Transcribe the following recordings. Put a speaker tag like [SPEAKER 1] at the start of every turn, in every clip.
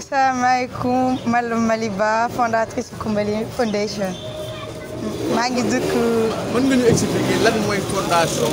[SPEAKER 1] Assalamu alaikum, Malum Maliba, fondatrice Kumbali Foundation.
[SPEAKER 2] maa ngi dëkk. mën nga ñu expliquer lan mooy fondation.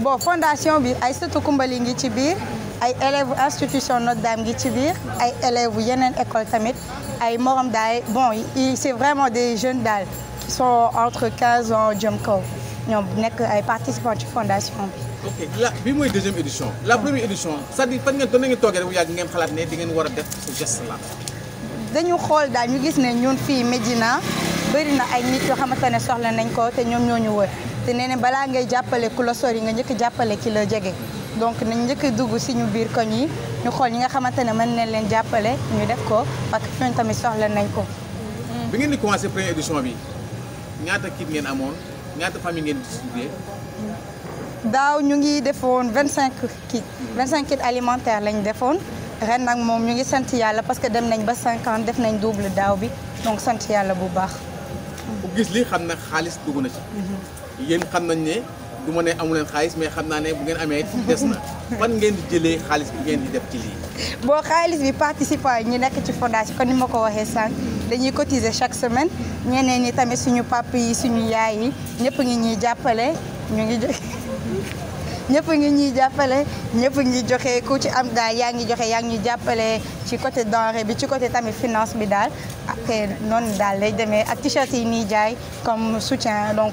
[SPEAKER 1] bon fondation bi ay sëtu Coumbali ngi ci biir ay élèves institution Notre-Dame ngi ci biir ay élèves yenen école tamit ay morom day bon c'est vraiment des jeunes daal qui sont entre 15 ans jëm kaw ñoom ay participants ci fondation
[SPEAKER 2] bi. ok la bii mooy deuxième édition. la première édition c'est-à-dire fan ngeen doon ngeen togué rek yag ngeen xalat né di ngeen wara def ce geste là.
[SPEAKER 1] dañu xol daal ñu gis né ñun fi medina bëri na ay nit yo xamantene soxla nañ ko té ñom ñoo ñu wër. te nee na balaa ngay jàppale ku la yi nga jëkk jàppale ki la jege donc nañ njëkk dugg si ñu biir koñ yi ñu xool ñi nga xamante ne mën nañ leen jàppale ñu def ko parce que fi tamit soxla nañ ko.
[SPEAKER 2] bi ngeen di commencé première édition bi ñaata kit ngeen amoon ñaata famille ngeen distribué.
[SPEAKER 1] daaw ñu ngi defoon vingt cinq kits vingt cinq kits alimentaires lañ defoon ren ak moom ñu ngi sant yàlla parce que dem nañ ba cinquante def nañ double daaw bi donc sant yàlla bu baax.
[SPEAKER 2] bu xam na xaalis dugg ci. Mhm. yéen xamnañ né duma né ma ne amu leen xaalis mais xamna né bu ngeen amé dessna fan ngeen di jëlé xaliss bi ngeen di def ci li
[SPEAKER 1] bo xaliss bi participant ñi ñu nekk ci fondation kon nima ko waxé sànq dañuy cotiser chaque semaine ñeneen ñi tamé suñu papi yi suñu yaay yi ñëpp ngi ñi jappalé ñu ngi jox ñepp ngi ñi jappalé ñepp ngi joxé ku ci am da yaa ngi joxe yaa ngi ñuy ci côté denrée bi ci côté tamé finance bi dal ak non dal lay démé ak t-shirt yi ñuy jaay comme soutien donc.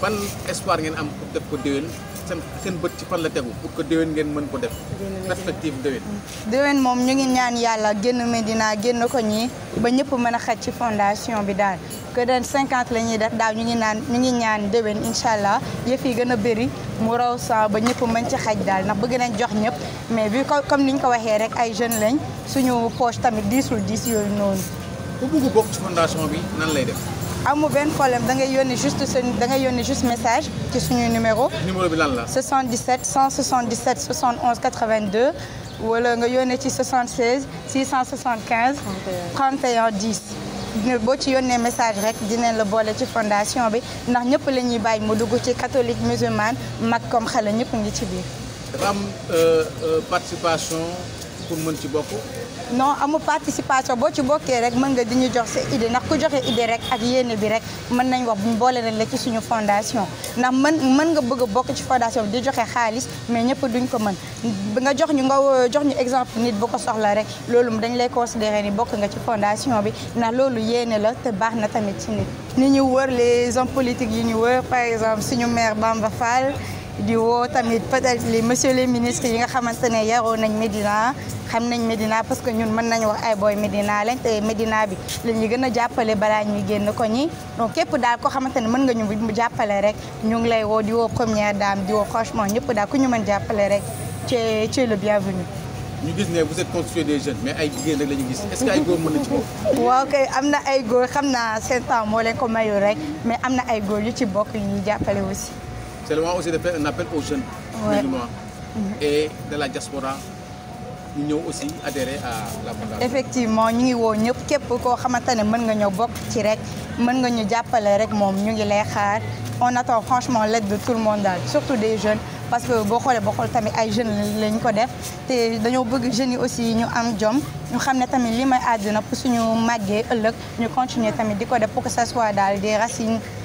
[SPEAKER 2] ban espoir ngeen am pour ko déwén seen seen bët ci fan la tegu pour que déwén ngeen mën ko def perspective déwén
[SPEAKER 1] déwén moom ñu ngi ñaan yàlla génn Médina génn ko ñii ba ñëpp mën a xaj ci fondation bi daal que cinquante la ñuy def daaw ñu ngi naan ñu ngi ñaan déwén incha allah yëf yi gën a bëri mu raw sa ba ñëpp mën ci xaj daal ndax bëgg nañ jox ñëpp mais bi ko comme ni ñu ko waxee rek ay jeunes lañ suñu poche tamit diisul diis yooyu noonu ku bëgg bokk ci
[SPEAKER 2] fondation bi nan lay
[SPEAKER 1] Il y problème juste un da ngay juste message ci suñu numéro. numéro bi lan la. 77 177 71 82 wala nga ci 76 675. 31 10. y ci un message rek dinañ la bolé ci fondation bi ndax ñëpp la ñuy mu dugg ci catholique musulmane mak comme xale ngi ci
[SPEAKER 2] euh, euh, participation pour mën ci
[SPEAKER 1] non amul participation boo ci bokkee rek mën nga di ñu jox sa idée ndax ku joxe idée rek ak yéene bi rek mën nañ wax buñ boole nañ la ci suñu fondation ndax mën mën nga bëgg bokk ci fondation bi di joxe xaalis mais ñëpp duñ ko mën nga jox ñu nga jox ñu exemple nit bu ko soxla rek loolu dañ lay considérer ni bokk nga ci fondation bi ndax loolu yéene la te baax na tamit ci nit ni ñu wër les hommes politiques yi ñu wër par exemple suñu maire Bamba Fall di woo tamit peut-être li monsieur les ministres yi nga xamantene yaro nañ medina xam nañ medina parce que ñun mën nañ wax ay boy medina lañ te medina bi lañ yi gëna jappalé jàppale balaa ñuy génn ko ñi donc képp daal ko xamantene mën nga ñu jappalé rek ñu ngi lay wo di woo première dame di woo franchement ñëpp daal ku ñu mën jappalé rek ci ci le bienvenu
[SPEAKER 2] ñu gis né vous êtes constitué des jeunes mais ay jigéen rek lañu gis est-ce que ay goor mën na ci
[SPEAKER 1] bokk. waaw kay amna ay goor xamna naa seen temps moo leen ko mayu rek mais amna ay goor yu ci bokk yi ñuy jappalé aussi.
[SPEAKER 2] C'est le moment aussi de faire un appel aux jeunes mhm. et de la diaspora nous aussi adhéré à la
[SPEAKER 1] effectivement nous sommes nous avons nga on attend franchement l'aide de tout le monde surtout des jeunes parce que nous avons boo jeunes Nous avons jeunes aussi ñu am jom ñu Nous nous avons pour que ça soit dans des racines.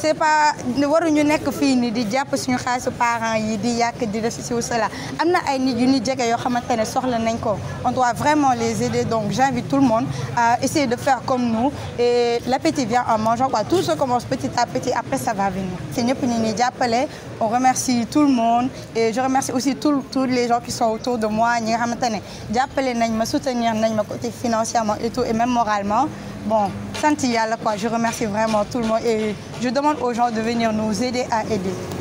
[SPEAKER 1] c'est pas waruñu les filles pas di nous suñu xaalisu parents yi di yàq di def ci cela amna ay nit yu nañ ko on doit vraiment les aider donc j'invite tout le monde à essayer de faire comme nous et l'appétit vient en mangeant quoi tout se commence petit à petit après ça va venir c'est on remercie tout le monde et je remercie aussi tous les gens qui sont autour de moi ñi xamantene xamante nañ soutenir nañ ma côté financièrement et tout et même moralement bon je remercie vraiment tout le monde et je demande aux gens de venir nous aider à aider.